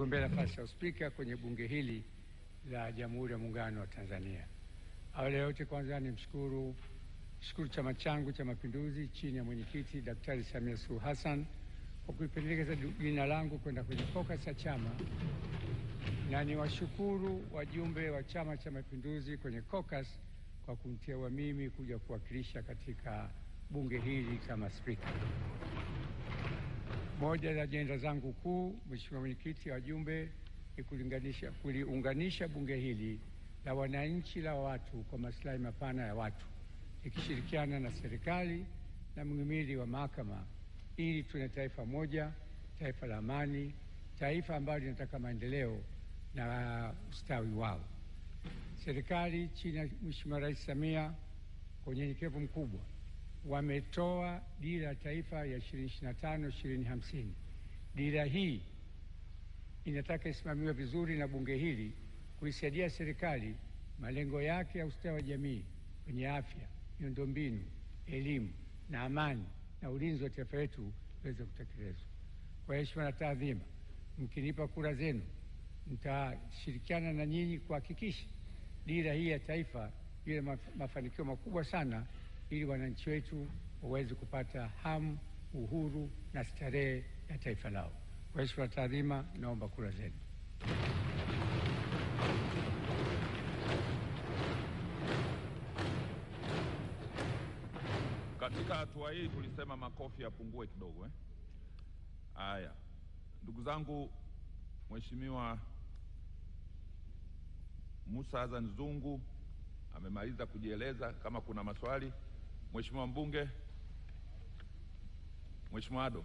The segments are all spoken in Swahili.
Gombea nafasi ya uspika kwenye bunge hili la Jamhuri ya Muungano wa Tanzania. Awali ya yote, kwanza ni mshukuru shukuru chama changu cha Mapinduzi chini ya mwenyekiti Daktari Samia Suluhu Hassan kwa kuipendekeza jina langu kwenda kwenye focus ya chama, na niwashukuru wajumbe wa Chama cha Mapinduzi kwenye caucus kwa kuniteua mimi kuja kuwakilisha katika bunge hili kama spika. Moja ya ajenda zangu kuu, Mheshimiwa Mwenyekiti, wajumbe, ni kulinganisha kuliunganisha bunge hili la wananchi la watu kwa maslahi mapana ya watu, ikishirikiana na serikali na mhimili wa mahakama, ili tuna taifa moja, taifa la amani, taifa ambalo linataka maendeleo na ustawi wao. Serikali chini ya Mheshimiwa Rais Samia kwa unyenyekevu mkubwa wametoa dira ya taifa ya 2025 2050. Dira hii inataka isimamiwe vizuri na bunge hili kuisaidia serikali malengo yake ya ustawi wa jamii kwenye afya, miundombinu, elimu na amani na ulinzi wa taifa letu iweze kutekelezwa. Kwa heshima na taadhima, mkinipa kura zenu, nitashirikiana na nyinyi kuhakikisha dira hii ya taifa ile mafanikio makubwa sana ili wananchi wetu waweze kupata hamu, uhuru na starehe ya taifa lao. Kwa heshima na taadhima, naomba kura zenu. Katika hatua hii tulisema makofi yapungue kidogo eh? Haya, ndugu zangu, Mheshimiwa Musa Azan Zungu amemaliza kujieleza. Kama kuna maswali Mheshimiwa mbunge, Mheshimiwa Ado.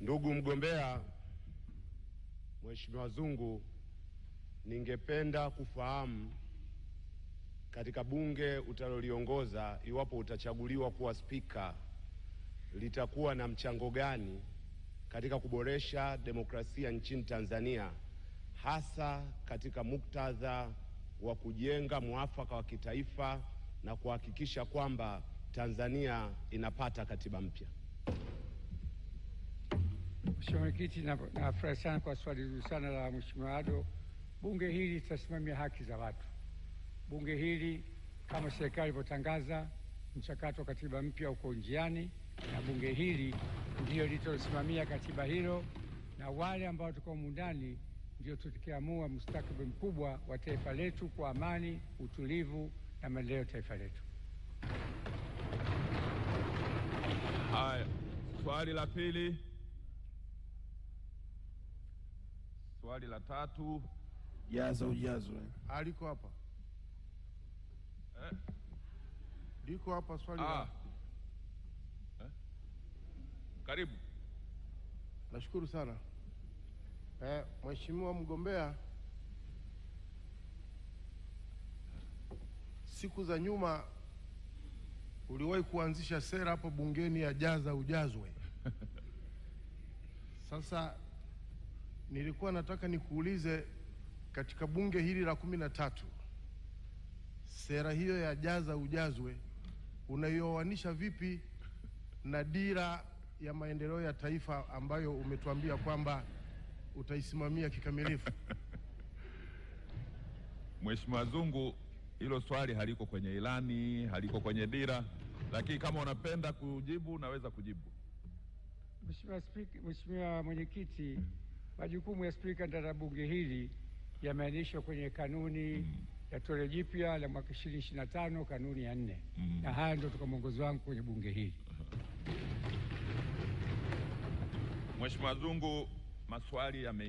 Ndugu mgombea Mheshimiwa Zungu, ningependa kufahamu katika bunge utaloliongoza iwapo utachaguliwa kuwa spika litakuwa na mchango gani katika kuboresha demokrasia nchini Tanzania hasa katika muktadha wa kujenga mwafaka wa kitaifa na kuhakikisha kwamba Tanzania inapata katiba mpya. Mheshimiwa Mwenyekiti, nafurahi sana kwa swali zuri sana la Mheshimiwa Ado. Bunge hili litasimamia haki za watu. Bunge hili kama serikali ilivyotangaza, mchakato wa katiba mpya uko njiani, na bunge hili ndio litasimamia katiba hilo, na wale ambao tuko mundani ndio tukiamua mustakabali mkubwa wa taifa letu kwa amani, utulivu na maendeleo ya taifa letu. Haya, swali la pili, swali la tatu. Jaza ujazo aliko ah, hapa eh? Liko hapa swali ah. Eh? Karibu. Nashukuru sana. Eh, Mheshimiwa mgombea, siku za nyuma uliwahi kuanzisha sera hapo bungeni ya jaza ujazwe. Sasa nilikuwa nataka nikuulize, katika bunge hili la kumi na tatu sera hiyo ya jaza ujazwe unaioanisha vipi na dira ya maendeleo ya taifa ambayo umetuambia kwamba utaisimamia kikamilifu? Mheshimiwa Zungu, hilo swali haliko kwenye ilani, haliko kwenye dira, lakini kama unapenda kujibu naweza kujibu. Mheshimiwa Spika, Mheshimiwa Mwenyekiti, hmm. majukumu ya spika ndani ya bunge hili yameainishwa kwenye kanuni mm. ya toleo jipya la mwaka 2025 kanuni ya nne mm. na haya ndio toka mwongozo wangu kwenye bunge hili. Mheshimiwa Zungu Massoari, amém.